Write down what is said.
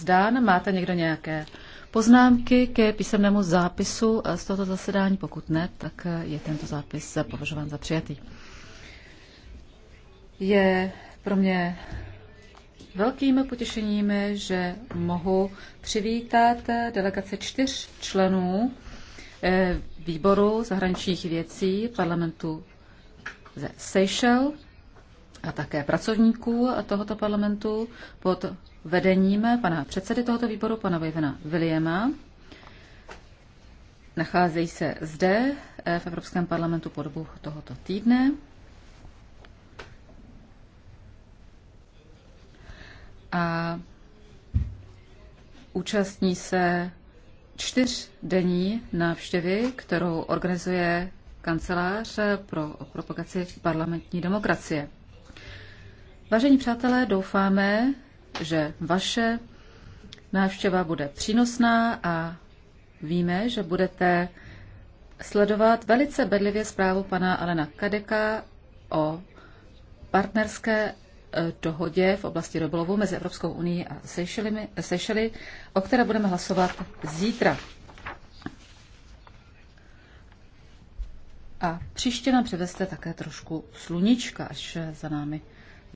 zdán. Máte někdo nějaké poznámky ke písemnému zápisu eh, z tohoto zasedání? Pokud ne, tak eh, je tento zápis eh, považován za přijatý. Je pro mě velkým potěšením, že mohu přivítat delegace čtyř členů výboru zahraničních věcí parlamentu ze Seychelles a také pracovníků tohoto parlamentu pod vedením pana předsedy tohoto výboru, pana Vivena Williama. Nacházejí se zde eh, v Evropském parlamentu po dobu tohoto týdne. A účastní se čtyřdenní návštěvy, kterou organizuje kancelář pro propagaci parlamentní demokracie. Vážení přátelé, doufáme, že vaše návštěva bude přínosná a víme, že budete sledovat velice bedlivě zprávu pana Alena Kadeka o partnerské eh, dohodě v oblasti rybolovu mezi Evropskou unii a Seychely, o které budeme hlasovat zítra. A příště nám přiveste také trošku sluníčka, až za námi